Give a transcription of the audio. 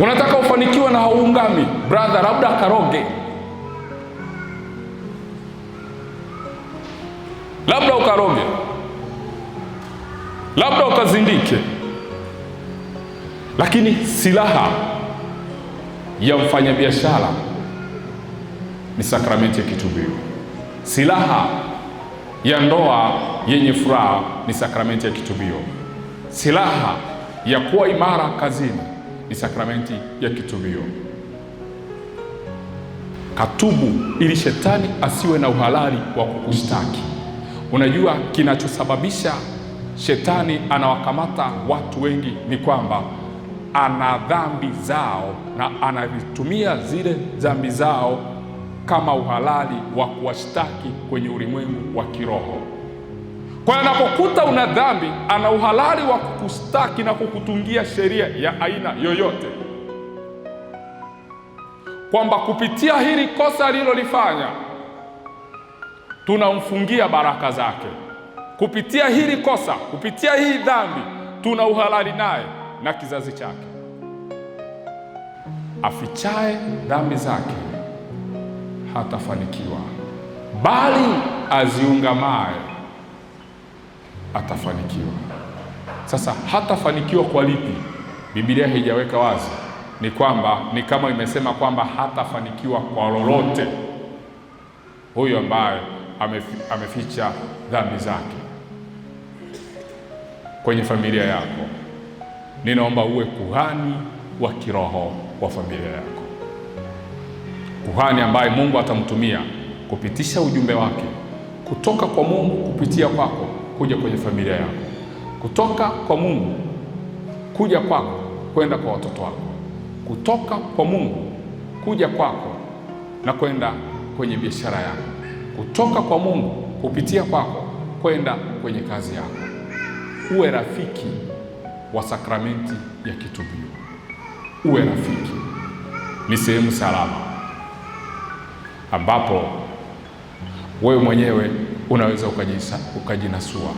Unataka ufanikiwe na hauungami, brother, labda akaroge labda ukaroge, labda ukazindike, lakini silaha ya mfanyabiashara ni sakramenti ya kitubio. Silaha ya ndoa yenye furaha ni sakramenti ya kitubio. Silaha ya kuwa imara kazini ni sakramenti ya kitubio. Katubu ili shetani asiwe na uhalali wa kukushtaki. Unajua, kinachosababisha shetani anawakamata watu wengi ni kwamba ana dhambi zao na anavitumia zile dhambi zao kama uhalali wa kuwashtaki kwenye ulimwengu wa kiroho. Kwa hiyo anapokuta una dhambi, ana uhalali wa kukustaki na kukutungia sheria ya aina yoyote, kwamba kupitia hili kosa alilolifanya tunamfungia baraka zake, kupitia hili kosa, kupitia hii dhambi tuna uhalali naye na kizazi chake. Afichaye dhambi zake hatafanikiwa, bali aziungamaye atafanikiwa. Sasa hatafanikiwa kwa lipi? Biblia haijaweka wazi, ni kwamba ni kama imesema kwamba hatafanikiwa kwa lolote huyo ambaye ameficha dhambi zake kwenye familia yako. Ninaomba uwe kuhani wa kiroho wa familia yako, kuhani ambaye Mungu atamtumia kupitisha ujumbe wake kutoka kwa Mungu kupitia kwako kuja kwenye familia yako, kutoka kwa Mungu kuja kwako kwenda kwa watoto wako, kutoka kwa Mungu kuja kwako na kwenda kwenye biashara yako, kutoka kwa Mungu kupitia kwako kwenda kwenye kazi yako. Uwe rafiki wa sakramenti ya kitubio, uwe rafiki. Ni sehemu salama ambapo wewe mwenyewe unaweza ukajinasua.